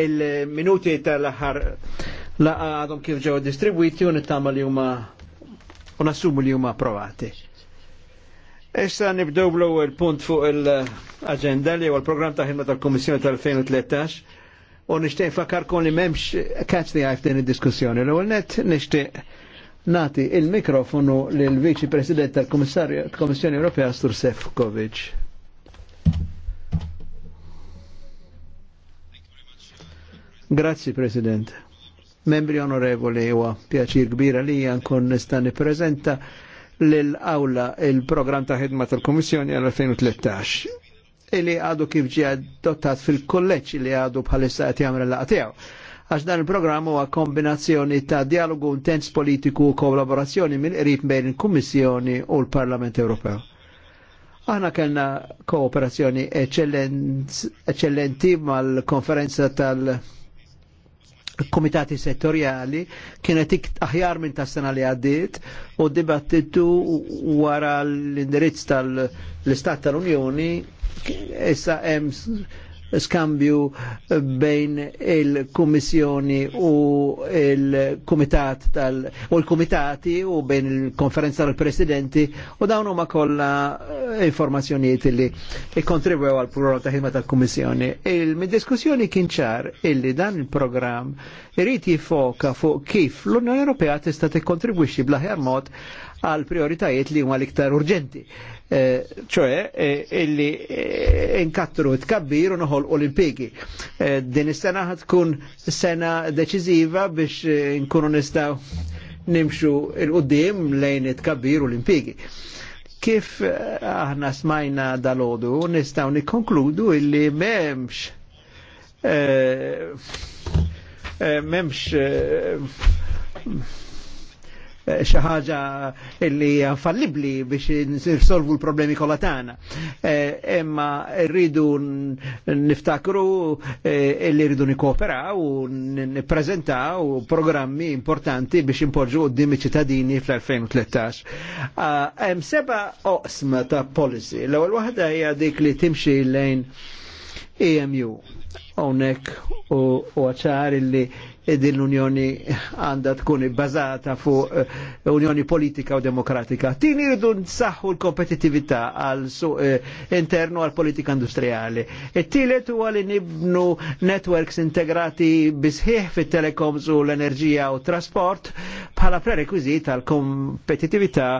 il-minuti tal-ħar laqa għadhom kif ġew distribwiti u nittama li huma u nassumu li huma approvati. Issa nibdew l-ewwel punt fuq il-aġenda li huwa l-programm ta' ħidma tal-Kummissjoni tal-2013 u nixtieq nfakarkom li m'hemmx catch the eye f'din id-diskussjoni. L-ewwel net nixtieq nati il-mikrofonu lil viċi President tal-Kummissarju kommissjoni Ewropea Stur Sefkovic. Grazzi, President. Membri onorevoli, huwa pjaċir kbira li nkun nista' prezenta lill-awla il-programm ta' ħidma tal-Kummissjoni għal-2013 Ili għadu kif ġi adottat fil-kolleċ li għadu bħalissa għati għamra laqtijaw. Għax dan il-programm huwa kombinazzjoni ta' dialogu intens politiku u kollaborazzjoni mill qrib bejn il-Kummissjoni u l-Parlament Ewropew. Aħna kellna kooperazzjoni eccellenti mal-konferenza tal- komitati settorjali kienet aħjar minn ta' sena li għaddiet u dibattitu wara l-indirizz tal-Istat tal-Unjoni issa hemm skambju bejn il-Kummissjoni u il-Kumitat tal- u l-Kumitati u bejn il-Konferenza tal-Presidenti u dawn huma kollha eh, informazzjonijiet li ikkontribwew għal programm ta' ħidma tal-Kummissjoni. Il-diskussjoni kien ċar illi dan il-programm irid jifoka fuq kif l-Unjoni Ewropea tista' tikkontribwixxi bl-aħjar mod għal prioritajiet li huma l-iktar urġenti. E, ċoħe, e, illi e, inkattru tkabbir u noħol olimpiki. Din is-sena tkun sena deċiziva biex nkunu nistaw nimxu il-qoddim lejn it-kabbir olimpiki kif aħna smajna dal-ħodu, nistaw nikonkludu illi memx memx Eh, xaħġa ħaġa fallibli biex nsolvu l-problemi kollha tagħna. Eh, rridu niftakru eh, illi rridu nikkooperaw u nippreżentaw programmi importanti biex impoġġu u dimi ċittadini fl-2013. Hemm seba' oqsma ta' policy. L-ewwel waħda hija dik li timxi lejn EMU. Onek u għacħar illi E din l-Unjoni għanda tkun bazata fuq eh, Unjoni Politika u Demokratika. Tin irridu nsaħħu l-kompetitività għal suq eh, internu għal politika industriali. It-tielet e huwa li nibnu networks integrati bisħieħ fit-telekoms u l-enerġija u trasport bħala prerekwiżit għal kompetitività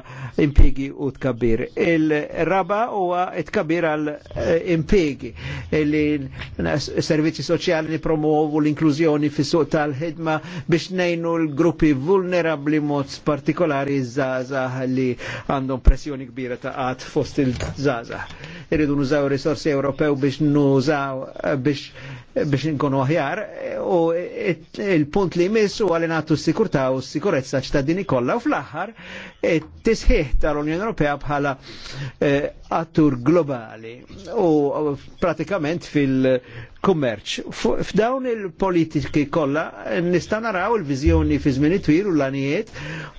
impjegi u tkabbir. Il-raba huwa tkabbir għal eh, impjegi e li servizzi soċjali nipromuovu l-inklużjoni fis-suq tal tal-ħidma biex nejnu l-gruppi vulnerabli mod partikolari zazah li għandhom pressjoni kbira ta' għat fost il-zazah. Irridu nużaw risorsi Ewropew biex nużaw biex biex nkunu aħjar u il-punt li jmiss u għalli natu s-sikurta u s-sikurezza ċittadini kolla u fl axħar t tisħiħ tal-Unjoni Ewropea bħala eh, attur globali u eh, pratikament fil- kummerċ. F'dawn il-politiki kollha nista' naraw il-viżjoni fi żmien twil u l anijiet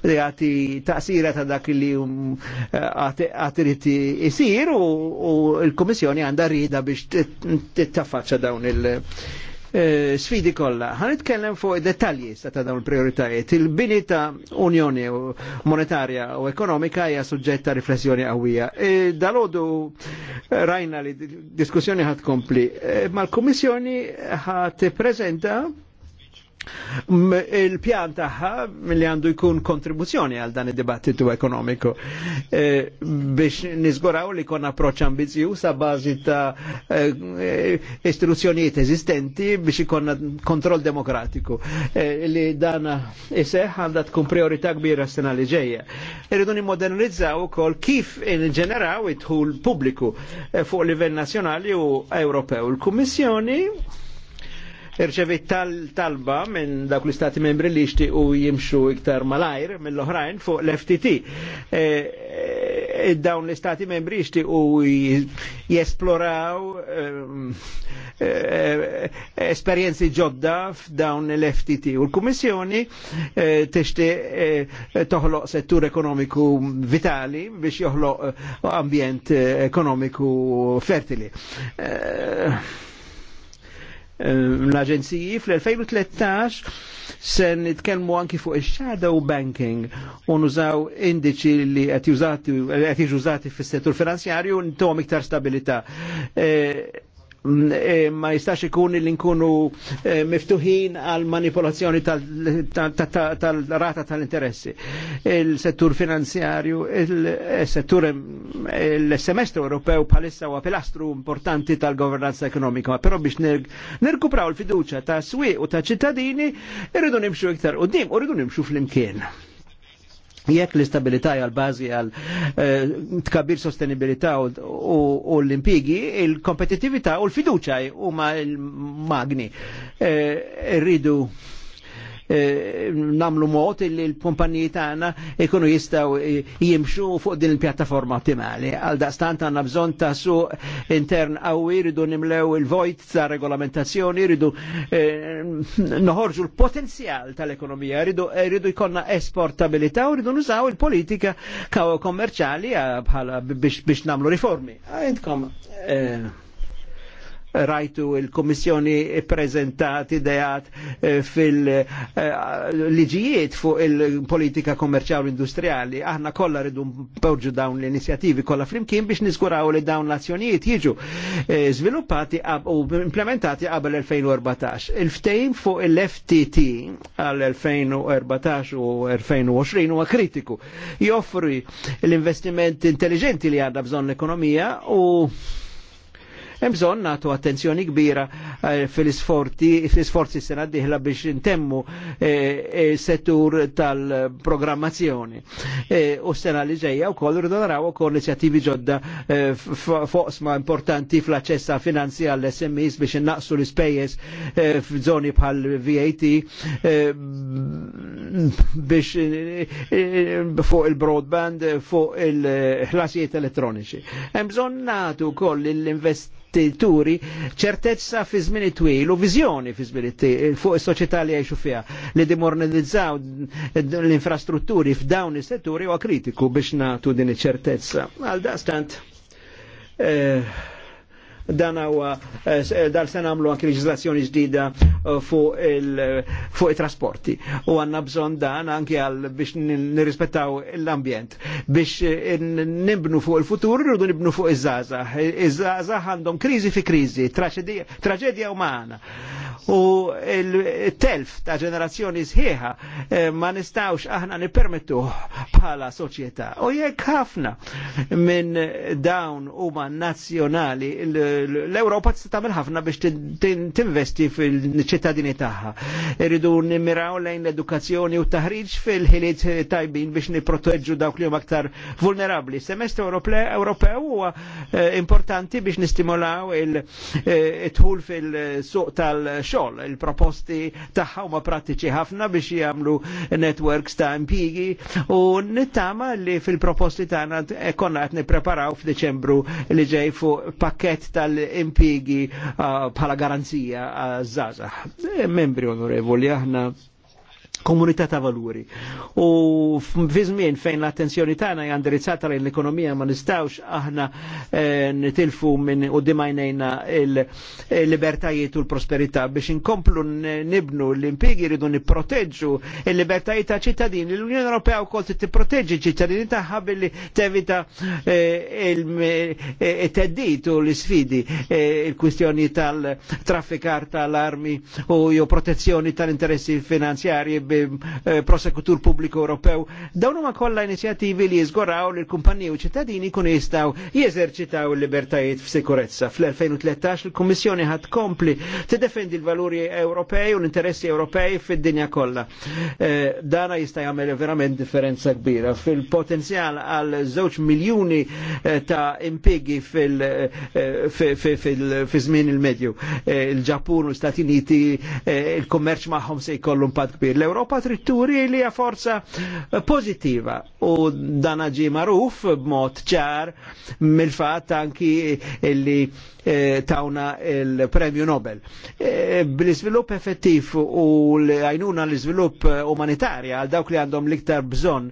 li għati taqsira ta' dak li eh, għatirit isir u l-Kummissjoni għandha rida biex tittafaċċa dawn il- Eh, sfidi kollha. Ħan nitkellem fuq dettalji sa' ta' dawn il-prioritajiet. Il-bini ta' Unjoni Monetarja u Ekonomika hija suġġetta riflessjoni qawwija. E, dalodu eh, rajna li diskussjoni ħad kompli. Eh, mal l-Kummissjoni ħad prezenta il-pjan taħħa li għandu jkun kontribuzzjoni għal dan id-dibattitu ekonomiku e, biex nizguraw li kon approċ ambizju sa bażi ta' e, eżistenti biex ikon kontroll demokratiku e, li dan iseħ għandha tkun priorità kbira s-sena li ġeja. Irridu nimodernizzaw ukoll kif in-ġeneraw it-tħul pubbliku e, fuq livell nazjonali u Ewropew. Il-Kummissjoni irċevit tal-talba minn dak l-istati membri li xti u jimxu iktar malajr mill-oħrajn fuq l-FTT. E, e, dawn l-istati membri xti u jesploraw ehm, e, e, esperienzi ġodda f'dawn l-FTT. U l-Kummissjoni t-ixti toħloq settur ekonomiku vitali biex joħloq ambjent ekonomiku fertili. Eh, l-aġenziji fl-2013 se nitkellmu anki fuq il-shadow banking u nużaw indiċi li qed jużati fis-settur finanzjarju ntom iktar stabilità. Eh, Eh, ma jistax ikun li nkunu eh, miftuħin għal manipolazzjoni tal-rata tal-interessi. Il-settur finanzjarju, il-settur il-semestru Ewropew palissa huwa pilastru importanti tal-governanza ekonomika, però biex nirkupraw il-fiduċa ta' swi u ta' ċittadini, irridu nimxu iktar u dim, irridu nimxu fl-imkien jekk l-istabilità għal bażi eh, għal tkabbir sostenibilità u l-impigi, il-kompetitività u l-fiduċa huma l-magni. Eh, rridu Eh, namlu mod li l kumpanji tagħna jkunu jistgħu jimxu fuq din il-pjattaforma ottimali. Għal daqstant għandna bżonn ta' suq intern qawwi jridu nimlew il-vojt ta' regolamentazzjoni, jridu eh, noħorġu l-potenzjal tal-ekonomija, jridu eh, jkollna esportabilità u jridu nużaw il-politika kaw kommerċali biex namlu riformi. Għajtkom, rajtu il-Komissjoni prezentati dejat eh, fil-liġijiet fuq il-politika kommerċjali industriali. Aħna kollha ridu mporġu dawn l-inizjativi kollha flimkien biex niskuraw li dawn l-azzjonijiet jiġu eh, sviluppati u implementati qabel 2014. Il-ftejn fuq il-FTT għal 2014 u 2020 huwa kritiku. Joffri l-investiment intelligenti li għadha bżonn l-ekonomija u Hemm bżonn nagħtu attenzjoni kbira eh, fil-isforzi sena diħla biex intemmu eh, eh, settur tal-programmazzjoni. U sena li ġejja wkoll rridu naraw ukoll inizjattivi ġodda sma importanti fl-aċċess finanzi għall-SMEs biex innaqsu l-ispejjeż f'żoni bħal VAT biex fuq il-broadband, fuq il-ħlasijiet elettroniċi. Hemm bżonn nagħtu koll l-invest turi ċertezza fi żmien twil u viżjoni fi żmien fuq is-soċjetà li jgħixu fiha li dimornizzaw l-infrastrutturi f'dawn is-setturi huwa kritiku biex nagħtu din iċ-ċertezza. Għal daqstant eh, dan huwa dal se nagħmlu anke leġislazzjoni ġdida fuq it-trasporti. U għandna bżonn dan anke għal biex nirrispettaw l-ambjent. Biex nibnu fuq il-futur irridu nibnu fuq iż-żgħażagħ. Iż-żgħażagħ għandhom kriżi fi kriżi, traġedja umana. U il-telf ta' ġenerazzjoni sħiħa ma nistawx aħna nipermettuh bħala soċjetà. U jekk ħafna minn dawn huma nazzjonali l europa tista' tagħmel ħafna biex tinvesti fil-ċittadini tagħha. Irridu nimmiraw lejn l-edukazzjoni u taħriġ fil-ħiliet tajbin biex niproteġġu dawk li huma aktar vulnerabbli. Semestru Ewropew huwa eh, importanti biex nistimolaw il-tħul eh, fil-suq tal-xogħol. Il-proposti tagħha huma prattiċi ħafna biex jagħmlu networks ta' impjigi u nittama li fil-proposti tagħna konna qed nippreparaw f'Deċembru li ġej fuq pakket ta' tal-impigi uh, bħala garanzija għazzazax. Uh, eh, membri onorevoli, aħna komunità ta' valuri. U fi fejn l-attenzjoni tagħna hija lejn l-ekonomija ma nistgħux aħna eh, nitilfu minn quddiem għajnejna l-libertajiet eh, u l-prosperità biex inkomplu nibnu l-impjiegi jridu nipproteġġu l-libertajiet ta' ċittadini. L-Unjoni Ewropea wkoll tipproteġġi ċittadini tagħha billi tevita eh, it-teddit u l-isfidi il-kwistjoni tal-traffikar tal-armi u jew protezzjoni tal-interessi finanzjarji Eh, prosekutur pubbliku Ewropew. Dawn huma kollha inizjattivi li jiżgoraw li l-kumpaniji u ċittadini kun jistgħu jeżerċitaw il-libertajiet f'sikurezza. Fl-2013 il-Kummissjoni ħad kompli tiddefendi l-valuri Ewropej u l-interessi Ewropej fid-dinja kollha. Eh, dana jista' jagħmel verament differenza kbira fil-potenzjal għal żewġ miljuni eh, ta' impigi fil-żmien il-medju. Il-Ġappun u l-Stati Uniti il-kummerċ magħhom se jkollu impatt kbir. l l-Europa li hija forza pozittiva u dan ġi magħruf b'mod ċar mill-fatt anki li eh, tawna il-Premju Nobel. Eh, Bl-izvilupp effettiv u l-għajnuna l-izvilupp umanitarja għal dawk li għandhom liktar bżon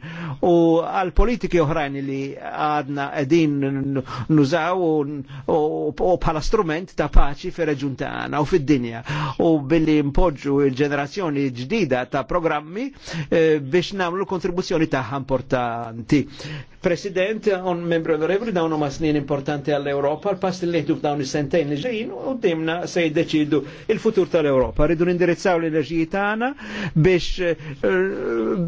u għal politiki oħrajn li għadna edin nużaw u bħala strument ta' paċi fi reġun ta' u fid-dinja u billi impoġġu il-ġenerazzjoni ġdida ta' programmi eh, biex namlu kontribuzzjoni taħħa importanti. President, on membru onorevoli, dawnu ma snin importanti għall-Europa, l-pass li liħdu f'dawn is li ġejjin u dimna se jiddeċidu il-futur tal-Europa. Ridu nindirizzaw l enerġiji tagħna biex eh,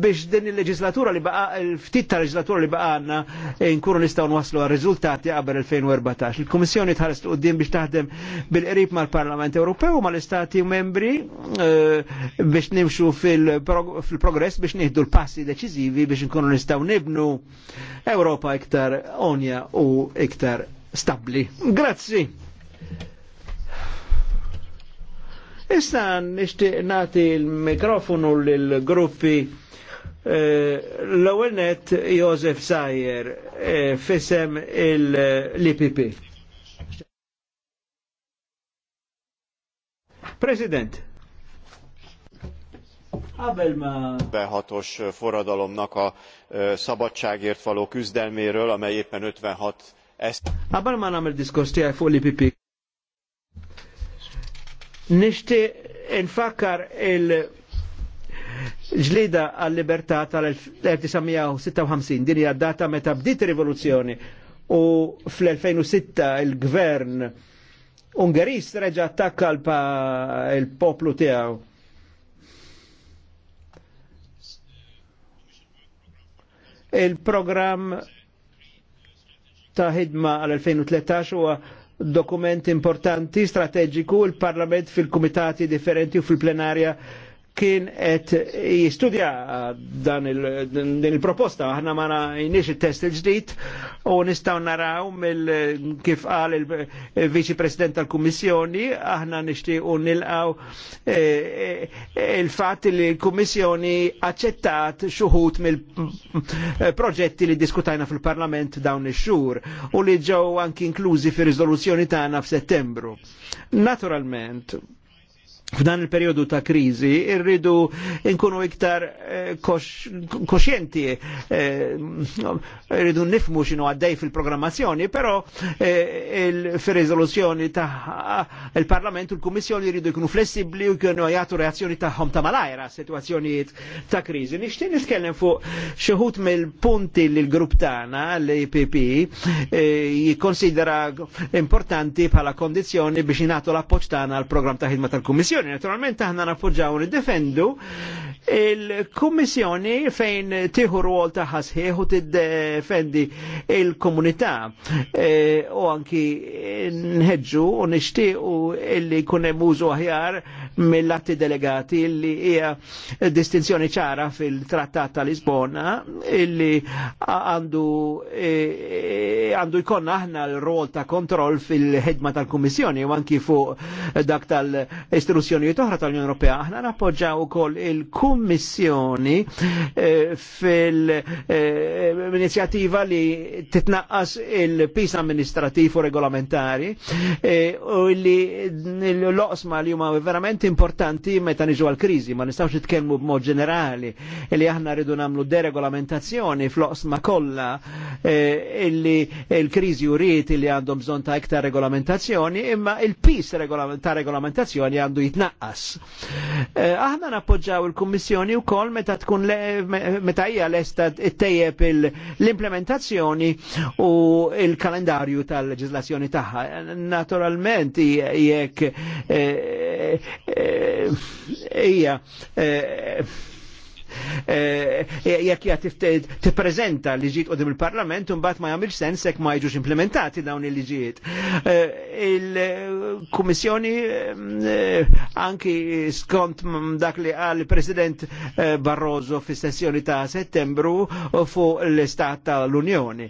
biex din il-leġislatura li baqa il-ftit tal-leġislatura li baqgħna eh, nkunu nistgħu nwaslu għal riżultati qabel 2014. Il-Kummissjoni tħares qudiem biex taħdem bil-qrib mal-Parlament Ewropew u mal-Istati membri eh, biex nimxu fil-progress biex nieħdu l-passi deċiżivi biex nkunu nistgħu nibnu Ewropa iktar onja u iktar stabli. Grazzi. Issa nishtiq nati il-mikrofonu l-gruppi eh, l-ewwel Josef Sajer eh, fisem l-IPP. President. Qabel ma... Behatos forradalomnak a szabadságért való küzdelméről, amely éppen 56 es. Qabel ma namil diskors tiegħi fóli pipi. ipp Nixti fakar el ġlida għal-libertà tal-1956, din hija data meta bdiet rivoluzzjoni u fl-2006 il-gvern Ungerist reġa attakka l-poplu tiegħu Il-programm ta' ħidma għal-2013 huwa dokument importanti, strategiku, il-Parlament fil kumitati differenti u fil-plenarja kien qed jistudja dan il-proposta, aħna ma najniex il-test il-ġdid u nistgħu naraw mill kif qal il-Viċi President tal-Kummissjoni, aħna nixtiequ nilqaw e, il-fatt li l-Kummissjoni aċċettat xuħut mill-proġetti li diskutajna fil-Parlament dawn ix-xhur u li ġew anki inklużi fir-riżoluzzjoni tagħna f'Settembru. Naturalment, f'dan il-periodu ta' krizi irridu nkunu iktar eh, koxjenti, eh, irridu nifmu xinu għaddej fil-programmazzjoni, però eh, fil-rizoluzjoni ta' il-Parlament u l-Kummissjoni irridu jkunu flessibli u jkunu jgħatu reazzjoni tagħhom ta' malajra situazzjoni ta' krizi. Nixtieq nitkellem fuq xeħut mill-punti li l-grupp tagħna l ipp jikkonsidera importanti bħala kondizzjoni biex jingħatu l-appoġġ tagħna għall-programm ta' ħidma tal-Kummissjoni Naturalment aħna nappoġġaw nid-defendu Il-Kummissjoni fejn tieħu rwol ta' ħasħieħ u tiddefendi il-komunità e, u anki nħedġu u nixtiequ illi jkun hemm użu aħjar mill-atti delegati illi hija distinzjoni ċara fil-Trattat ta' Lisbona illi għandu e, għandu jkollna aħna l-rwol ta' kontroll fil-ħidma tal-Kummissjoni u anki fuq dak tal istituzzjonijiet oħra tal-Unjoni Ewropea aħna nappoġġaw ukoll il-kum kummissjoni eh, fil eh, inizjativa li titnaqqas il-pis amministrativ u regolamentari eh, u li l-oqsma li huma verament importanti meta niġu għal-krizi, ma nistawx nitkellmu b'mod ġenerali li aħna rridu nagħmlu deregolamentazzjoni fl-oqsma kollha illi il-krizi u rrit li għandhom bżonn ta' iktar regolamentazzjoni, imma il-pis ta' regolamentazzjoni għandu jitnaqqas. Aħna nappoġġaw il-Kummissjoni il u kol meta tkun meta hija lesta ttejjeb l-implementazzjoni u il-kalendarju tal-leġislazzjoni taħħa. Naturalment jekk eh, eh, hija eh, Eh, eh, jekk jgħat li ġiet u il-Parlament un mbagħad ma jgħamil sens jekk ma jiġux implementati dawn il-liġijiet. Eh, Il-Kummissjoni anki skont dak li għal president Barroso fi sessjoni ta' Settembru fuq l-Istat tal-Unjoni.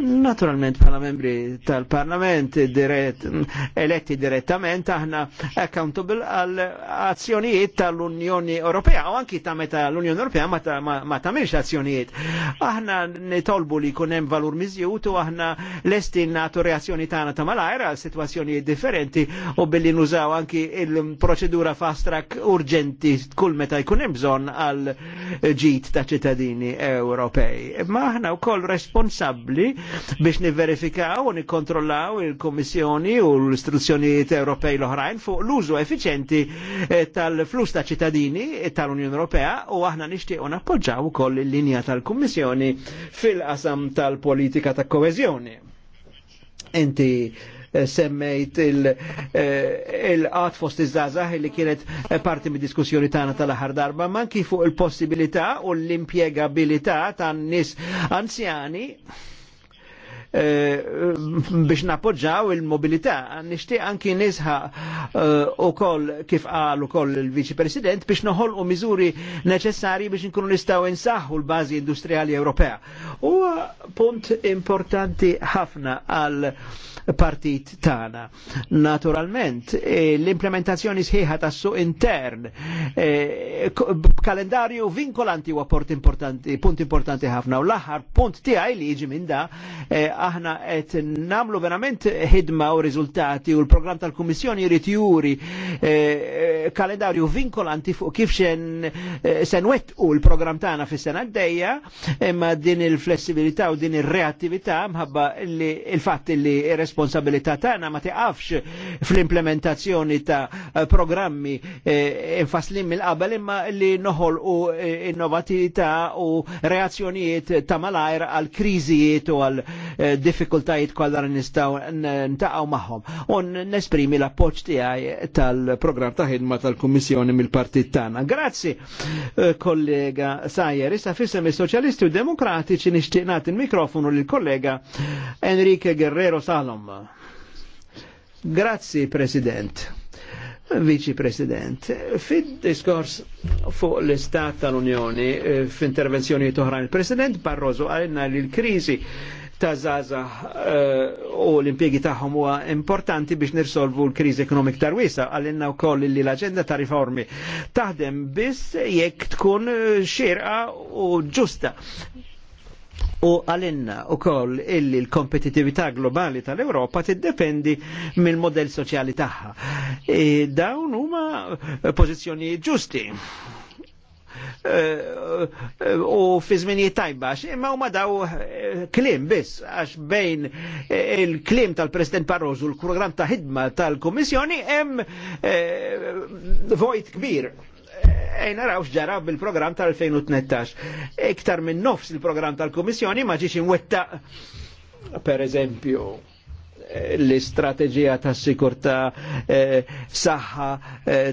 Naturalment pala membri tal-Parlament eletti direttament aħna accountable għal azzjonijiet tal-Unjoni Ewropea u anki ta' meta l l-Unjoni Ewropea ma tagħmilx azzjonijiet. Aħna nitolbu li jkun hemm valur miżjut u aħna lesti nagħtu reazzjoni tagħna ta' malajra situazzjonijiet differenti u billi nużaw anki il-proċedura fast track urġenti kull meta jkun hemm bżonn għal ġid ta' ċittadini Ewropej. Ma aħna wkoll responsabbli biex niverifikaw u nikkontrollaw il-Kommissjoni u l-istruzzjonijiet Ewropej l-oħrajn fuq l-użu effiċenti eh, tal-flus ta' ċittadini eh, tal-Unjoni Ewropea u aħna nixtiequ nappoġġaw ukoll il-linja tal-Kummissjoni fil-qasam tal-politika ta' koeżjoni. Inti eh, semmejt eh, il-qat fost iż-żazah li kienet eh, parti mid diskussjoni tagħna tal-aħħar darba, manki fuq il-possibilità u l-impjegabilità tan-nies anzjani Eh, biex napoġġaw il-mobilità. Nishtiq anki nisħa eh, u koll kif qal u koll il-Viċi President biex noħol u miżuri neċessari biex nkunu nistaw insaħħu l-bazi industriali Ewropea. U punt importanti ħafna għal partit tagħna. Naturalment, eh, l-implementazzjoni sħiħa tas-suq intern eh, b'kalendarju vinkolanti huwa port importanti, punt importanti ħafna u l-aħħar punt tiegħi li jiġi minn da eh, aħna qed nagħmlu verament ħidma u riżultati u l-programm tal-Kummissjoni jrid juri kalendarju vinkolanti fuq kif xen sen u l-programm tagħna fis-sena għaddejja imma din il-flessibilità u din ir-reattività mħabba il-fatt li responsabilità tagħna ma tiqafx fl-implementazzjoni ta' eh, programmi eh, infaslin mill-qabel imma li noħol u eh, innovatività u reazzjonijiet ta' malajr għal kriżijiet u għal diffikultajiet kollha nistgħu ntaqgħu magħhom. U nesprimi l-appoġġ tiegħi tal-programm ta' ħidma tal-Kummissjoni mill-Partit tagħna. Grazzi kollega Sajer, issa fissem is-Soċjalisti u Demokratiċi nixtieq nagħti il-mikrofonu lill kollega Enrique Guerrero Salom. Roma. Grazie President. Vice President, fid-diskors fuq l-Istat tal-Unjoni eh, f'intervenzjoni toħra il-President Barroso għalina li l-krizi ta' zaza eh, u l-impiegi tagħhom huwa importanti biex nirsolvu l-kriżi ekonomik tarwisa u wkoll li l agenda ta' riformi taħdem biss jekk tkun eh, xirqa u ġusta u għalinna u koll illi l-kompetitività globali tal-Europa tiddependi mill-modell soċjali tagħha. E dawn huma pozizjoni ġusti. E, e, u fi żminijiet tajba, imma huma daw e, klim biss, għax bejn il-klim tal-President Barroso u l-programm ta' ħidma tal-Kummissjoni hemm vojt kbir ejna raw xġara bil-program tal-2013. Iktar minn nofs il-program tal-Komissjoni ma ġiex imwetta, per eżempju, l-istrateġija ta' sikurta saħħa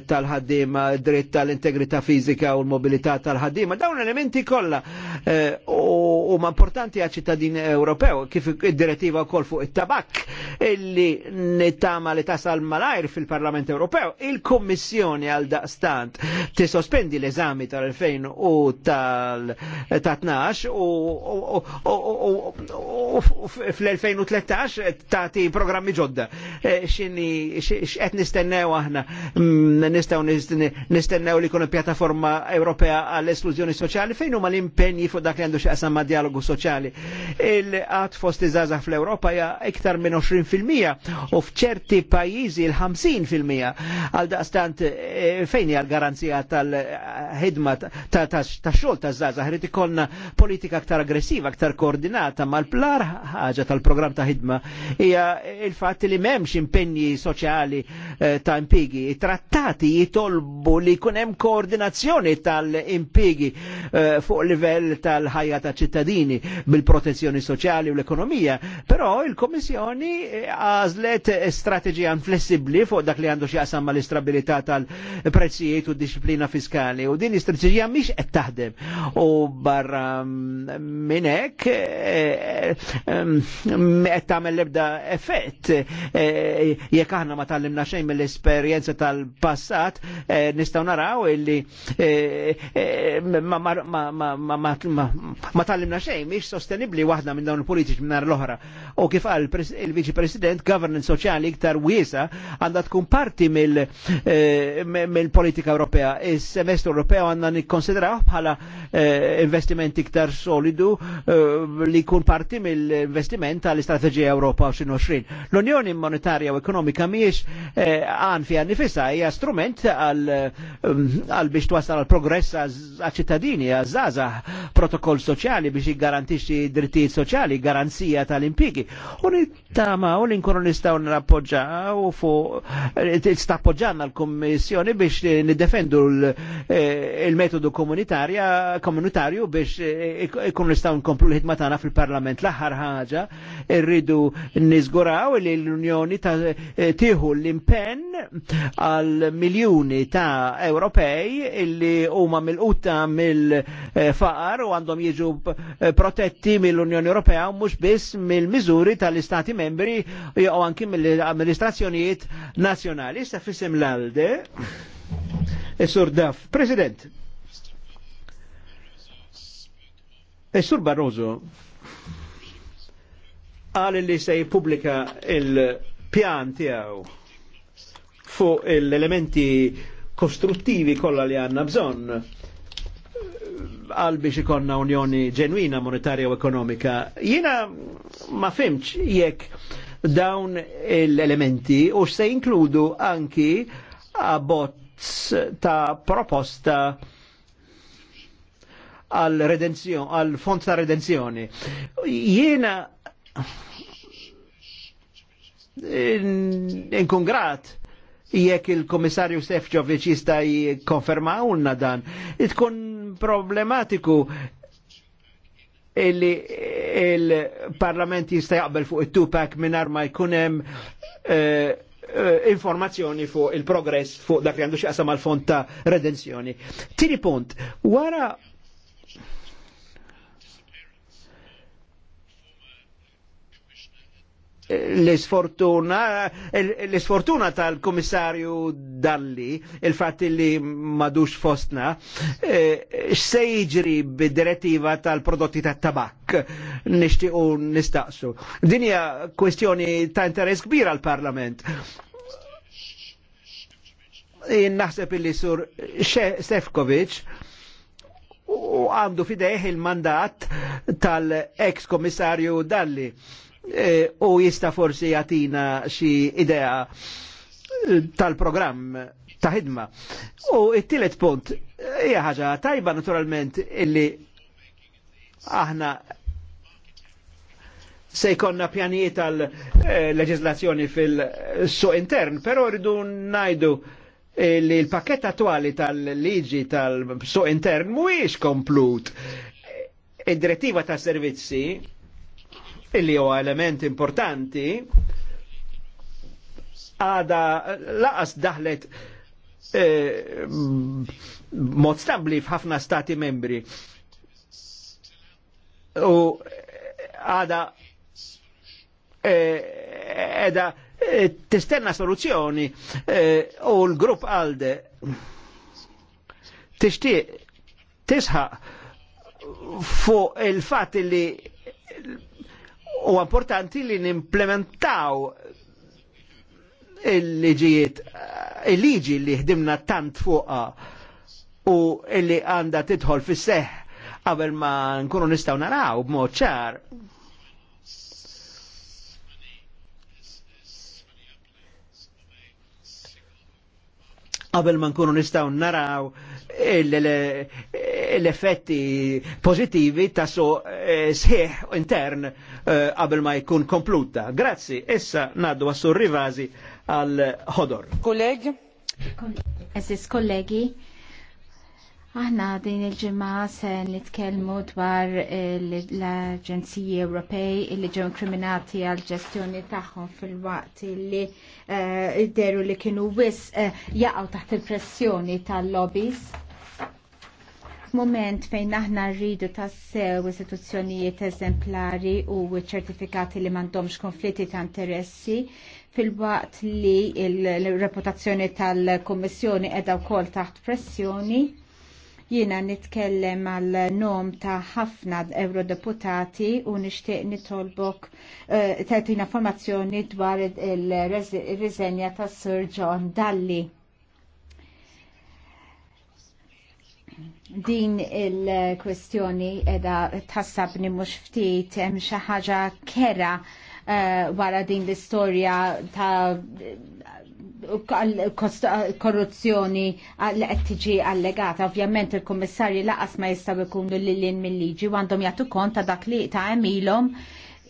tal-ħaddima, dritt tal-integrità fizika u l-mobilità tal-ħaddima. Dawn elementi kollha u ma' importanti għal ċittadin Ewropew kif id-direttiva wkoll fuq it-tabak illi nittama li tasal malajr fil-Parlament Ewropew. Il-Kommissjoni għal daqstant tisospendi l-eżami tal-2000 u tal-12 u fl-2013 tati programmi ġodda. E, Xini, x'qed nistennew aħna mm, nistennew li kunu pjataforma Ewropea għall-esklużjoni soċjali fejn huma l-impenji fuq dak li għandu xaqsam ma' dialogu soċjali. il għat fost iżgħażagħ fl-Ewropa hija iktar minn 20% u f'ċerti pajjiżi l-50% għal daqstant e, fejn hija l-garanzija tal-ħidma tax-xogħol ta' żgħażagħ rid ikollna politika aktar aggressiva, aktar koordinata mal-plar ħaġa tal-programm ta' ħidma hija il fat li memx impegni soċjali eh, ta' impigi. Trattati jitolbu li kunem koordinazzjoni tal-impigi eh, fuq livell tal-ħajja ta' ċittadini bil-protezzjoni soċjali u l-ekonomija, però il-Komissjoni eh, għazlet strategija inflessibli fuq dak li għandu xjaqsam mal istabilità tal-prezzijiet u disciplina fiskali u din istrategija miex qed taħdem. U barra mm, minnek mm, qed tagħmel l-ebda effett. Eh, jekk aħna ma tallimna xejn mill-esperjenza tal-passat, eh, nistgħu naraw illi eh, ma tallimna xejn mhix sostenibbli waħda minn dawn il-politiċi minn l-oħra. U kif qal il-Viċi President, governance soċjali iktar wiesa għandha tkun parti mill-politika Ewropea. Is-semestru Ewropew għandna nikkonsideraw bħala investimenti iktar solidu li jkun parti mill-investiment tal-istrateġija Ewropa 2020 l L-Unjoni Monetarja u Ekonomika miex eh, għan fi għan nifissa hija strument għal um, biex twasal għal progress għal ċittadini, għal zaza protokoll soċjali biex jgarantixxi drittijiet soċjali, garanzija tal-impigi. U nittama u l-inkunu nistaw nrappoġġaw fuq eh, stappoġġanna l-Kommissjoni biex niddefendu eh, il-metodu komunitarja komunitarju biex ikun nistaw nkomplu l-ħidma tagħna fil-Parlament l-aħħar ħaġa irridu niżgur nassiguraw li l-Unjoni ta' eh, tieħu l-impenn għal miljuni ta' Ewropej illi huma mill-qutta mill-faqar u għandhom jiġu eh, protetti mill-Unjoni Ewropea u mhux biss mill-miżuri tal-Istati membri u anki mill-amministrazzjonijiet nazzjonali. Issa fissem l-alde. Eh, Sur Daf, President. Sur Barroso, għal li se jpubblika il-pjan tijaw fu l-elementi kostruttivi kolla li għanna bżon għal biex ikonna unjoni ġenwina monetarja u ekonomika. Jina ma fimx jekk dawn l-elementi u se jinkludu anki abbozz ta' proposta għal redenzjoni, għal font ta' redenzjoni. Jena Eh, nkun grat jekk il-komissarju Sefcovic jista' jikkonfermawna dan. Tkun problematiku illi il-parlament jista' jaqbel fuq it-tupak minar ma jkun hemm eh, informazzjoni fuq il-progress fuq dak li għandu xaqsam għal fond ta' redenzjoni. Tini punt, wara l-sfortuna l-sfortuna tal-komissarju Dalli il-fatt li madux fostna x'se eh, jiġri bid-direttiva tal-prodotti tat-tabak u nistaqsu. Dinja kwestjoni ta' interess kbir l parlament Naħseb il-li sur Sefkovic u għandu fideħ il-mandat tal-ex komissarju Dalli E, u jista forsi jatina xi idea eh, tal-programm ta' ħidma. U it-tielet punt eh, hija ħaġa tajba naturalment illi aħna se jkonna pjanijiet tal eh, leġislazzjoni fil-su intern, però rridu najdu li l-pakket attuali tal-liġi tal-su intern mhuwiex komplut. Id-direttiva tas servizzi illi huwa element importanti għada laqas daħlet eh, mod stabli f'ħafna stati membri. U għada eh, edha testenna eh, tistenna soluzzjoni u l-grupp għalde tixtieq tisħa fuq il-fat li u importanti li nimplementaw il-liġijiet, eh, il-liġi li ħdimna tant fuqa u illi għanda tidħol fis seħ għabel ma nkunu nistaw naraw b'mod ċar. Għabel ma nkunu nistaw naraw l-effetti pozitivi ta' so eh, sħiħ intern eh, qabel ma jkun kompluta. Grazzi, issa naddu għassu rivazi għal ħodor. Kolleg? Eżis kollegi, aħna din il-ġimma se nitkellmu dwar l-Aġenziji Ewropej li ġew kriminati għal ġestjoni tagħhom fil-waqt li eh, deru li kienu wis jaqgħu taħt il-pressjoni tal-lobbies f'moment fejn aħna rridu tassew istituzzjonijiet eżemplari u ċertifikati li m'għandhomx konflitti ta' interessi fil-waqt li l-reputazzjoni tal-Kommissjoni qiegħda wkoll taħt pressjoni, jiena nitkellem għal nom ta' ħafna eurodeputati u nixtieq nitolbok uh, eh, tatina formazzjoni dwar il-riżenja ta' Sir John Dalli din il-kwestjoni edha tassabni mux ftit hemm xi ħaġa kera eh, wara din l-istorja ta' korruzzjoni li qed tiġi allegata. Ovvjament il-kummissarji laqas ma jistgħu jkunu lil lin mill-liġi għandhom jagħtu kont ta' dak li ta' emilhom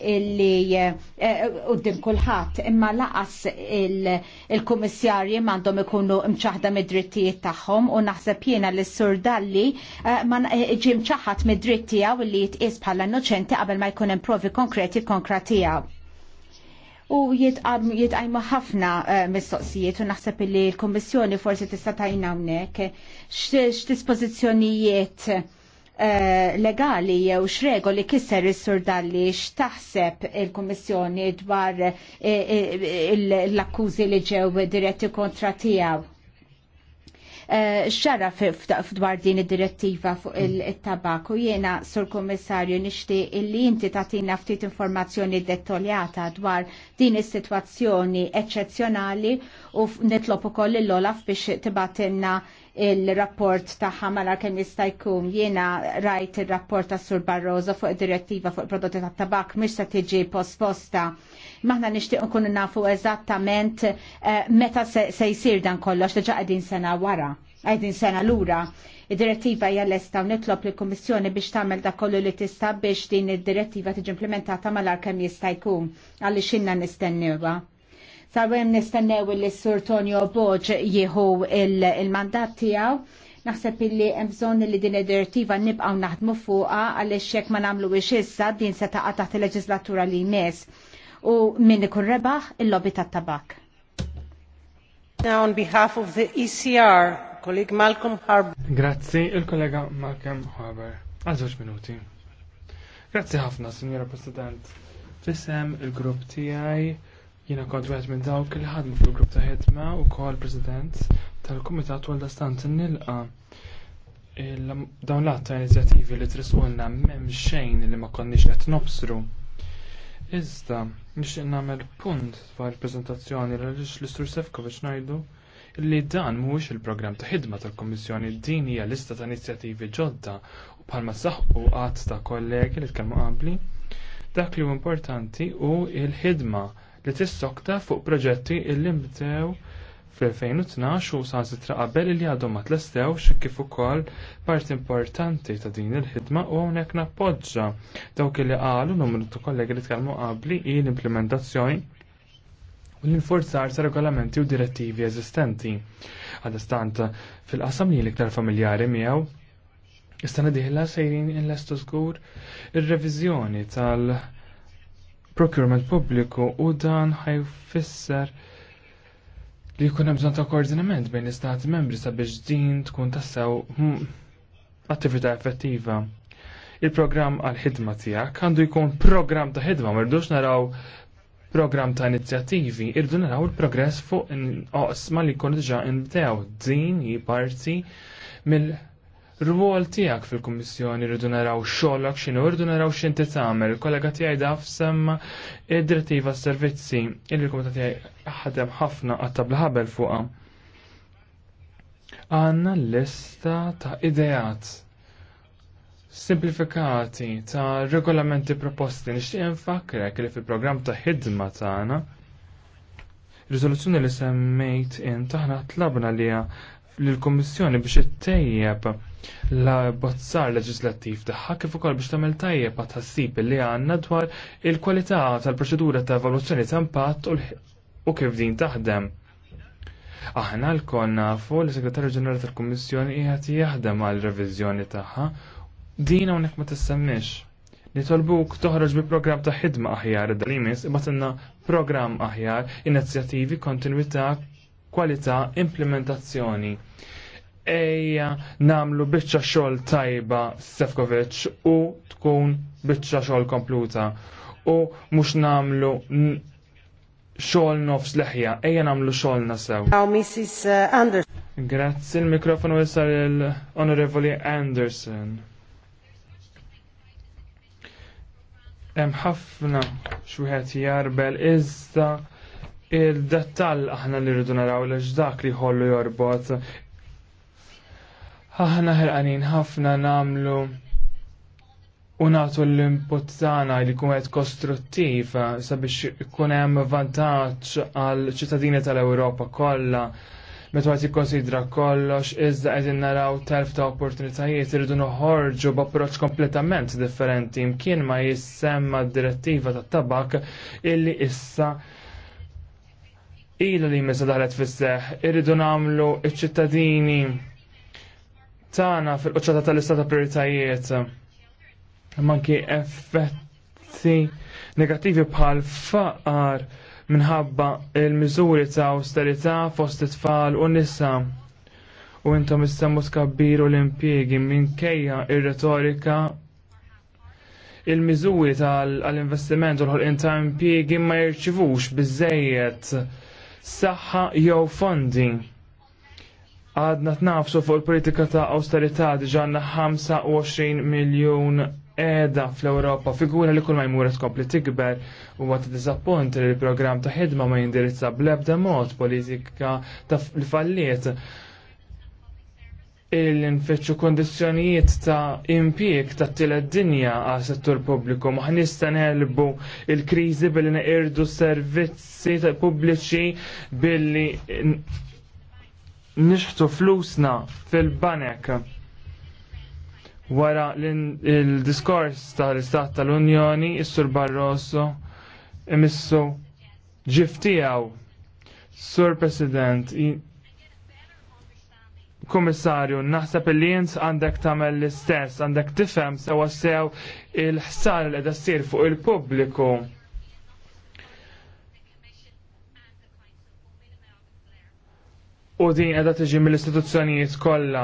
illi għoddim eh, eh, kullħat imma laqas il-komissjarji mandom ikunu mċaħda mid-drittijiet tagħhom u naħseb jiena l surdalli eh, ma ġi mċaħat mid-drittija u li jitqis bħala innoċenti qabel ma jkun hemm provi konkreti kontra tiegħu. U jitqajmu ħafna mistoqsijiet u naħseb li l-Kommissjoni forsi tista' tajna hawnhekk x'dispożizzjonijiet Eh, legali jew x'regoli kisser is-sur dalli x'taħseb il-Kummissjoni dwar eh, eh, l-akkużi li ġew diretti kontra tiegħu. Uh, xara f'dwar din id-direttiva fuq il mm. u jiena sur kommissarju nixti illi inti tatina ftit informazzjoni dettaljata dwar din is-sitwazzjoni eccezzjonali u nitlob ukoll l-olaf biex tibatilna il-rapport taħħa mala kemm jista' jkun jiena rajt il-rapport ta' Sur Barroso fuq direttiva fuq prodotti ta' tabak mhix se tiġi posposta. Maħna nixtieq nkunu nafu eżattament eh, meta se jsir dan kollox li qegħdin sena wara, qegħdin sena lura. Id-direttiva hija lesta u nitlob li kummissjoni biex tagħmel dak kollu li tista' biex din id-direttiva tiġi implementata malar kemm jista' jkun għaliex inna nistenniwa. Sawem nistennew il sur Tonio Boġ jieħu il-mandat tijaw. Naħseb illi bżonn li din id-direttiva nibqaw naħdmu fuqa għaliex jekk ma biex issa din se taqa' taħt il-leġislatura li jmiss u min ikun rebaħ il-lobby tat-tabak. Now on behalf of the ECR, colleague Malcolm Harbour. Grazzi, il-kollega Malcolm Harbour. Għazzoċ minuti. Grazzi ħafna, Signora President. Fissem il-grupp tijaj Jiena kont wieħed minn dawk il ħadmu fil-grupp ta' ħidma u kol president tal-Kumitat Walda Stant nilqa dawn l-att ta' inizjattivi li trisqulna m'hemm xejn li ma konniex qed nobsru. Iżda, nixtieq nagħmel punt dwar il-preżentazzjoni għalix l-Istur Sefkovic ngħidu li dan mhuwiex il-programm ta' ħidma tal-Kommissjoni din hija lista ta' inizjattivi ġodda u bħalma saħqu qatt ta' kollegi li tkellmu qabli. Dak li hu importanti hu l ħidma li tissokta fuq proġetti illi mbtew fl-2012 u sazitra qabel li għadhom ma tlestewx kif ukoll parti importanti ta' din il-ħidma u hawnhekk nappoġġa dawk li qalu numru ta' kollegi li tkellmu qabli hi l-implementazzjoni u l-infurzar ta' regolamenti u direttivi eżistenti. Għadastant fil-qasam li l-iktar familjari miegħu Istana diħla sejrin il-lestu zgur il-revizjoni tal- procurement pubbliku u dan ħajfisser li jkun hemm bżonn ta' koordinament bejn l-istati membri sabiex din tkun tassew hmm, attività effettiva. Il-programm għal-ħidma tiegħek għandu jkun programm ta' ħidma, mardux naraw programm ta' inizjattivi, irdu naraw il-progress fuq oqsma li jkun diġà inbdew din hi parti mill- rwol tiegħek fil-Kummissjoni rridu naraw xollak x'inhu rridu naraw x'inti tagħmel. Il-kollega tiegħi daf semma id-direttiva s-servizzi illi l-Kumitat tiegħi ħadem ħafna għat-tabla ħabel fuqha. Għanna lista ta' ideat simplifikati ta' regolamenti proposti nixtieq infakrek li fil-programm ta' ħidma tagħna Rizoluzzjoni li semmejt in taħna tlabna li l kummissjoni biex ittejjeb la bozzar leġislattiv tagħha kif ukoll biex tagħmel tajjeb għat tħassib li għandna dwar il-kwalità tal-proċedura ta' evoluzzjoni ta' impatt u kif din taħdem. Aħna l-kon nafu li segretarju ġenerali tal-Kummissjoni qiegħed jaħdem għal reviżjoni tagħha din hawnhekk ma tissemmix. Nitolbuk toħroġ bi programm ta' ħidma aħjar dal-imis imma tinna programm aħjar, inizjattivi, kontinuità, kwalità, implementazzjoni ejja namlu bitċa xol tajba Sefkovic u tkun bitċa xol kompluta u mux namlu xol nofs leħja, ejja namlu xol nasew. Now Mrs. Uh, Anderson. Grazzi, il-mikrofonu jessar il-Onorevoli Anderson. Hemm ħafna xwieħed jarbel iżda il-dettall aħna li rridu naraw li dak li jħollu jorbot ħahna ħelqanin ħafna namlu u nagħtu l-input tana li jkun qed kostruttiv sabiex ikun hemm vantaġġ għal ċittadini tal-Ewropa kollha meta għati konsidra kollox, iżda għedin naraw telf ta' opportunitajiet irridu noħorġu b'approċċ kompletament differenti imkien ma jissemma d-direttiva ta' tabak illi issa ilu li misa daħlet fisseħ irridu namlu iċ-ċittadini Tana fil-qoċċata tal-lista ta' prioritajiet. Manki effetti negattivi bħal faqar minħabba il-miżuri ta' austerità fost it-tfal u nisa u intom istemmu tkabbir u l-impjegi minkejja ir-retorika il-miżuri tal-investiment u l-ħolqin ta' impiegi ma jirċivux bizzejiet saħħa jew funding. Għadna tnafsu fuq il-politika ta' austerità diġanna 25 miljon edha fl-Europa. Figura li kull ma jmur tkompli tikber u għat dizappunt li l-program ta' ħidma ma jindirizza blebda mod politika ta' l-falliet. Il-nfittxu kondizjonijiet ta' impjek ta' tilet dinja għal settur pubbliku Maħnista nista' il-krizi billi neqirdu servizzi pubbliċi billi nixħtu flusna fil-banek wara il-diskors tal-Istat tal-Unjoni, is-Sur Barroso, imissu ġiftijaw. Sur President, Komissarju, naħseb li jint għandek tamel l-istess, għandek tifem sewa sew il-ħsar l-edassir fuq il-pubbliku. U din qiegħda tiġi mill-istituzzjonijiet kollha.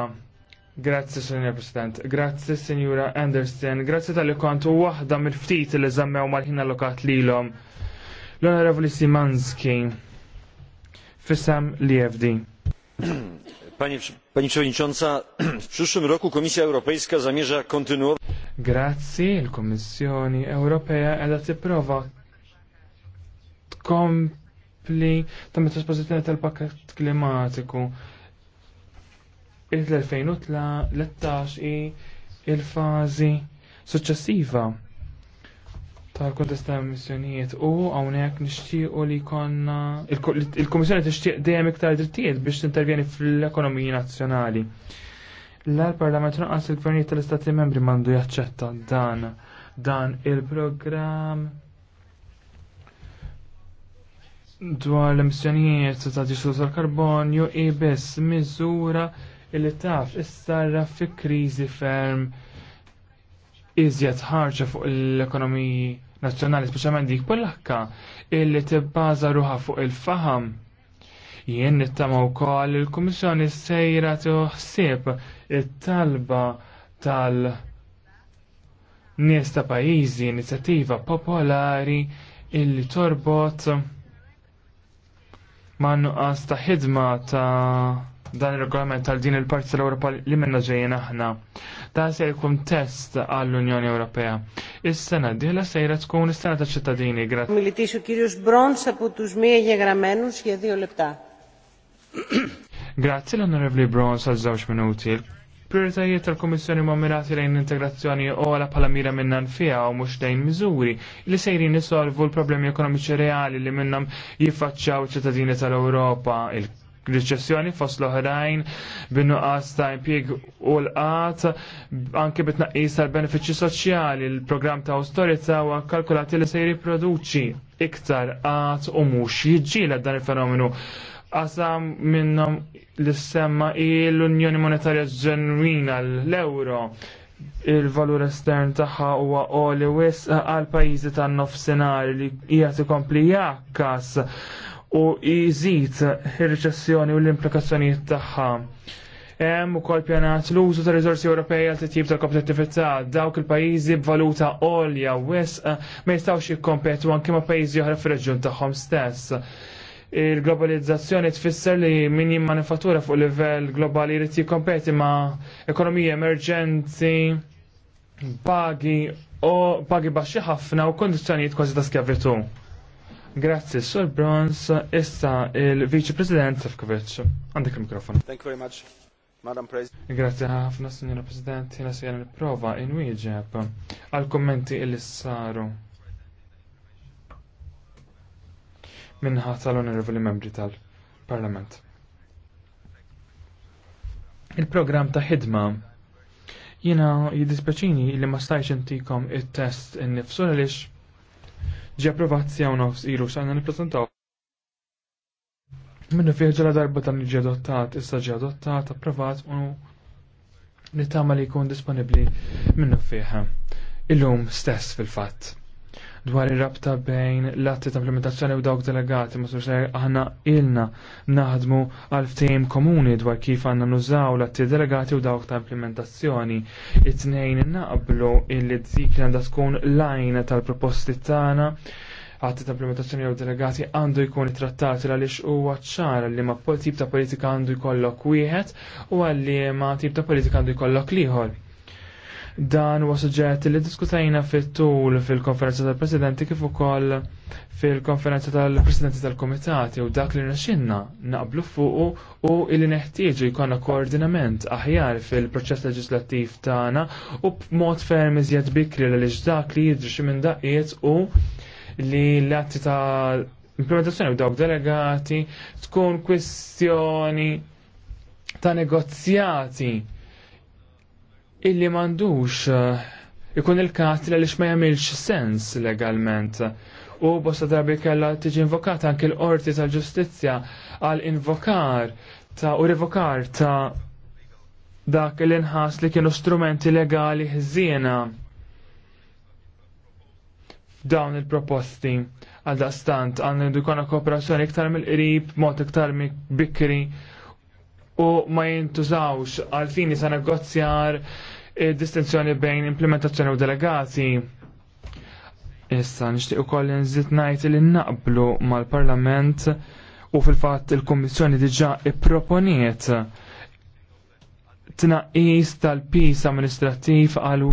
Grazzi, Signor President. Grazzi, Signora Anderson. Grazzi tal-li kontu waħda mill-ftit li żammew mal-ħin allokat lilhom. L-Onorevoli Simanski, fissam li FD. Pani Przewodnicząca, w przyszłym roku Komisja Europejska zamierza kontynuować. Grazzi, il-Kommissjoni Ewropea qiegħda tipprova tkompli kompli ta' il-trasposizjoni tal-pakket klimatiku. Il-2013 i il-fazi suċċessiva tal-kontest ta' emissjonijiet u hawnhekk nixtiequ li konna il-Kummissjoni tixtieq dejjem iktar drittijiet biex t-intervjeni fl-ekonomiji nazzjonali. L-Parlament naqas il-Gvernijiet tal-Istati Membri mandu jaċċetta dan dan il-programm dwar l-emissjonijiet ta' diskus tal-karbonju i biss miżura li taf issarra fi kriżi ferm iżjed ħarġa fuq l-ekonomiji nazzjonali, speċjalment dik polakka, illi tibbaża ruħa fuq il-faham. Jien nittama wkoll il-Kummissjoni sejra tuħsib it-talba tal- nies ta' pajjiżi inizjattiva popolari illi torbot ma' nuqqas ta' ħidma ta' dan il-regolament tal din il-parti tal-Ewropa li minna ġejjin aħna. Da se jkun test għall-Unjoni Ewropea. Is-sena diħla sejra tkun is-sena ta' ċittadini, Grazie. Militixu kirjus Brons jgħra menu jegramenus jedio lebta. Grazzi l-Onorevli Brons għal żewġ minuti. Prioritajiet tal-Komissjoni ma' mirati lejn integrazzjoni għala pala mira minnan fija u mux dejn miżuri li sejrin nisolvu l-problemi ekonomiċi reali li minnam jiffaċċaw ċittadini tal-Europa il riċessjoni fost l-oħrajn binuqas ta' impjieg u l-qat anke bitnaqqis tal-benefiċċji soċjali l-programm ta' austerità u kalkulati li se produċi iktar qat u mhux jiġġiela dan il-fenomenu għasam minnhom L-issemma semma l-Unjoni Monetarja Ġenwina l-Euro il-valur estern tagħha huwa qoli wis għal pajjiżi tan-nofsinhar li qiegħed ikompli jakkas u jżid ir-riċessjoni u l-implikazzjonijiet tagħha. Hemm ukoll pjanat l-użu ta' riżorsi Ewropej għal titjib ta' kompetittività dawk il-pajjiżi b'valuta għolja wisq ma jistgħux jikkompetu anke ma' pajjiżi oħra fir-reġjun tagħhom stess il-globalizzazzjoni tfisser li min jimmanifattura fuq livell globali jrid jikkompeti ma' ekonomija emerġenti, pagi u pagi baxxi ħafna u kondizzjonijiet kważi ta' skjavitu. Grazzi, Sur Brons, issa il-Vice President Sefkovic. Għandek il-mikrofon. Thank you very much, Madam President. Grazzi ħafna, Signora President, jena se il prova in wieġeb għal-kommenti il-saru. minnaħa tal-onorevoli membri tal-Parlament. Il-programm ta' ħidma jina jidispeċini li ma stajx intikom il-test innifsu x ġi approvat sjaw nofs ilu xajna niprezentaw. Minnu fieħġa darba dan ġi adottat, issa ġi adottat, approvat u li li jkun disponibli minnu fieħa. Illum stess fil-fatt dwar ir-rabta bejn l-atti ta' implementazzjoni u dawk delegati ma' sur aħna ilna naħdmu għal ftehim komuni dwar kif għandna nużaw l-atti delegati u dawk ta' implementazzjoni. It-tnejn naqblu illi dik għandha tkun lajna tal-proposti tagħna għatti ta' implementazzjoni jew delegati għandu jkun trattati għaliex huwa għacċar li ma' tip ta' politika għandu jkollok wieħed u għalli ma' tip ta' politika għandu jkollok liħor. Dan huwa suġġett li diskutajna fit-tul fil-konferenza tal-Presidenti kif ukoll fil-konferenza tal-Presidenti tal-Komitati u dak li naxinna naqblu fuq u illi neħtieġu jkollna koordinament aħjar fil-proċess leġislattiv tagħna u b'mod ferm iżjed bikri li dak li jidri xi minn daqiet u li l-atti ta' implementazzjoni u dawk delegati tkun kwestjoni ta' negozjati illi mandux eh, ikun il-kat li ma jagħmilx sens legalment. U bosta drabi kella tiġi invokata anke l-qorti tal-ġustizzja għal invokar ta' u revokar ta' dak l-inħas li kienu strumenti legali ħżiena dawn il-proposti għal daqstant għandu jkun kooperazzjoni iktar mill-qrib, mod iktar mill-bikri u ma jintużawx għal fini sa' negozjar eh, distinzjoni bejn implementazzjoni u delegati. Issa nixtieq ukoll nżid ngħid li naqblu mal-Parlament u fil-fatt il-Kummissjoni diġà ipproponiet tnaqqis tal-pis amministrattiv għal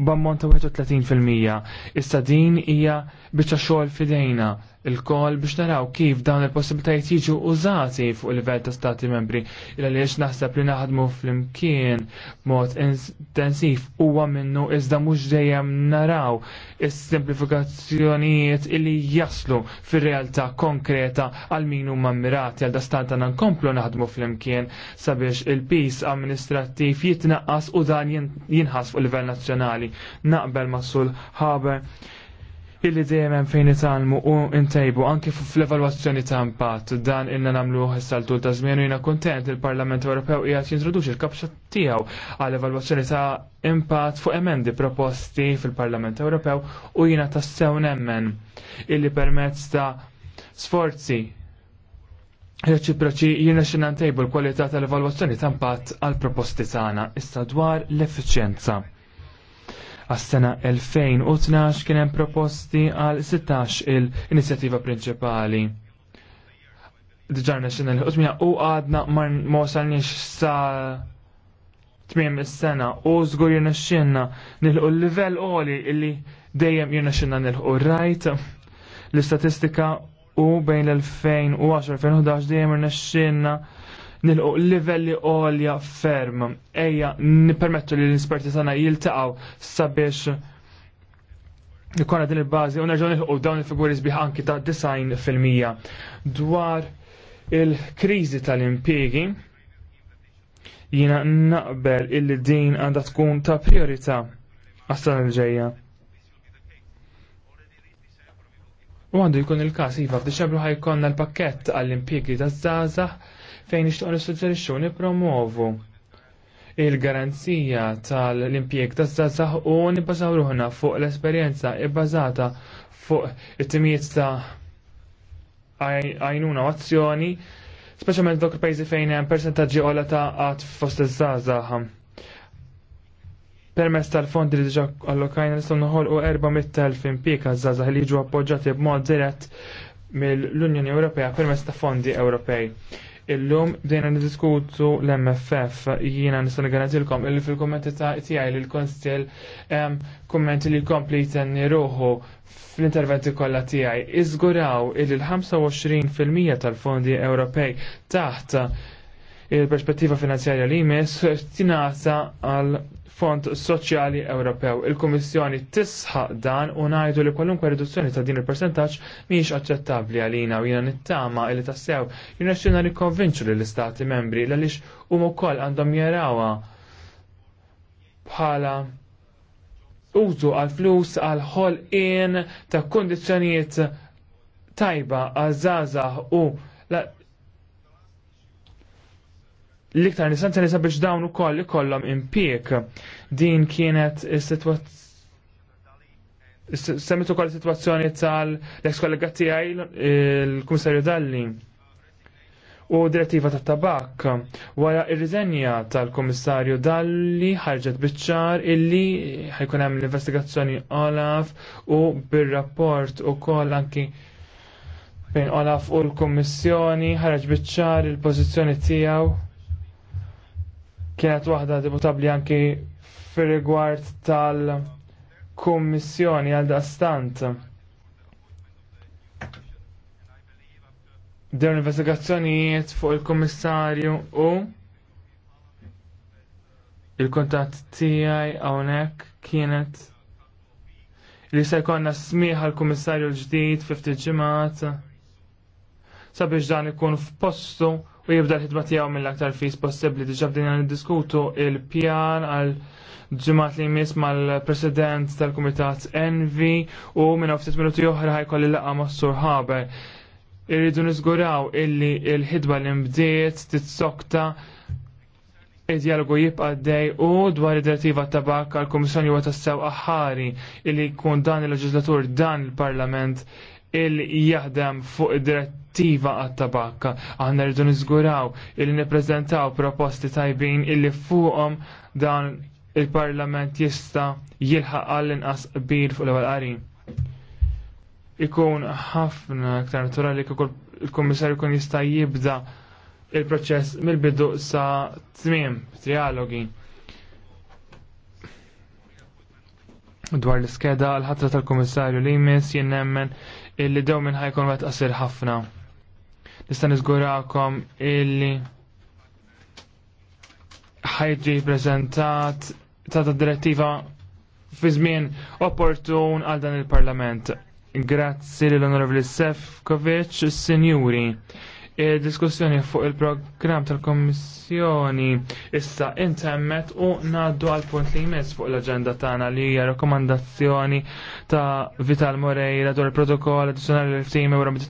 b'ammont ta' 31%. Issa din hija biċċa xogħol fidejna il koll biex naraw kif dawn il-possibilitajiet jiġu użati fuq il-livell ta' stati membri il għaliex naħseb li naħdmu fl-imkien mod intensiv huwa minnu iżda mhux dejjem naraw is-simplifikazzjonijiet illi jaslu fir-realtà konkreta għal min huma mmirati għal dastanta nkomplu naħdmu fl-imkien sabiex il-pis amministrattiv jitnaqqas u dan jinħas fuq il-livell nazzjonali naqbel ma' sul ħaber illi dejjem fejn italmu u ntejbu anke fl-evalwazzjoni ta' impatt dan inna nagħmlu s-saltul ta' żmien u jiena kuntent il-Parlament Ewropew qiegħed jintroduċi l-kapxa tiegħu għal evalwazzjoni ta' impatt fuq emendi proposti fil-Parlament Ewropew u jiena tassew nemmen illi permezz ta' sforzi Reċiproċi jiena xi ntejbu l-kwalità tal-evalwazzjoni ta' impatt għal proposti tagħna issa dwar l-effiċjenza. Għas-sena 2012 kien hemm proposti għal 16 il-inizjattiva prinċipali. Diġarna xinna l-ħutmija u għadna ma wasalniex sa tmiem il sena u żgur jirna xinna nilħu l-livell qoli illi dejjem jirna xinna nilħu rajt. L-istatistika u bejn l-2010-2011 dejjem jirna xena nilqu livelli għolja ferm. Ejja, nipermettu li l-esperti sana jiltaqaw sabiex ikonna din il-bazi u nerġaw nilqu dawn il-figuri sbiħ anki ta' 90% dwar il-krizi tal-impiegi jina naqbel illi din għandha tkun ta' priorità għastan il ġeja U għandu jkun il-kas iva f'Diċembru ħajkonna l-pakket għall impiegi ta' zazah, fejn nixtieq nissuġġerixxu nippromovu il-garanzija tal-impjeg ta' żgħażagħ u nibbażaw fuq l-esperjenza ibbażata fuq it-timijiet ta' għajnuna u azzjoni, speċjalment dok pajjiżi fejn hemm persentaġġi għolla ta' qatt fost iż-żgħażagħ. Permess tal-fondi li diġa allokajna nistgħu noħolqu 400,000 impjeg għaż-żgħażagħ li jiġu appoġġjati b'mod dirett mill-Unjoni Ewropea permezz ta' fondi Ewropej. Illum bdejna niddiskutu l-MFF jiena nista' nigarantilkom illi fil-kummenti tiegħi li l-Konstil kummenti li jkompli jtenni ruħu fl-interventi kollha tiegħi iżguraw illi l-25% tal-fondi Ewropej taħt il-perspettiva finanzjarja li jmiss tinata għal Fond Soċjali Ewropew. Il-Kummissjoni tisħaq dan u ngħidu li kwalunkwe riduzzjoni ta' din il-percentaġġ mhijiex aċċettabbli għalina u jiena nittama li tassew jirnexxina nikkonvinċu lill istati membri għaliex huma wkoll għandhom jarawha bħala użu għal flus għal ħolqien ta' kundizzjonijiet tajba għal żgħażagħ u l-iktar nisanza nisa biex dawn ukoll ikollhom impiek Din kienet is semmitu kol situazzjoni tal-ex kollega tiegħi l-Kummissarju Dalli u direttiva tat tabak wara ir-riżenja tal-Kummissarju Dalli ħarġet biċċar illi ħajkun hemm l-investigazzjoni Olaf u bir-rapport ukoll anki bejn Olaf u l-Kummissjoni ħarġ biċċar il-pożizzjoni tiegħu kienet waħda deputabli anki fir-rigward tal-kummissjoni għal dastant. Dew investigazzjonijiet fuq il-kummissarju u il-kontatt tiegħi hawnhekk kienet li se jkollna smieħ għall kummissarju l-ġdid fifti ġimgħat sabiex dan ikun f'postu u jibda l-ħidma tiegħu mill-aktar fis possibbli diġà bdejna niddiskutu il-pjan għal ġimgħat li jmiss mal-President tal-Kumitat Envi u minn ftit minuti oħra ħajkolli laqgħa mas-Sur Haber. Irridu niżguraw illi l-ħidba li mbdiet titsokta id-dialogu jibqa' dej u dwar id-direttiva tabak għal-Kummissjoni huwa tassew aħħari illi jkun dan il-leġislatur dan il-Parlament il-jaħdem fuq direttiva għat-tabakka. Aħna rridu niżguraw illi nippreżentaw proposti tajbin illi fuqhom dan il-Parlament jista' jilħaq għall-inqas kbir fuq l-ewwel qari. Ikun ħafna aktar naturali kieku il-Kummissarju jkun jista' jibda il-proċess mill-bidu sa tmiem trialogi. dwar l-iskeda l-ħatra tal kummissarju li jmiss jennemmen illi dew minn ħajkun wet qasir ħafna. Nista' niżgurakom illi ħajġi prezentat ta' ta' direttiva fi żmien opportun għal dan il-Parlament. Grazzi l-Onorevoli Sefkovic, Signuri diskussjoni fuq il-programm tal komissjoni issa intemmet u naddu għal punt li jmiss fuq l-agenda tagħna li hija rakkomandazzjoni ta' Vital Moreira dwar il-protokoll addizzjonali l-ftim Ewra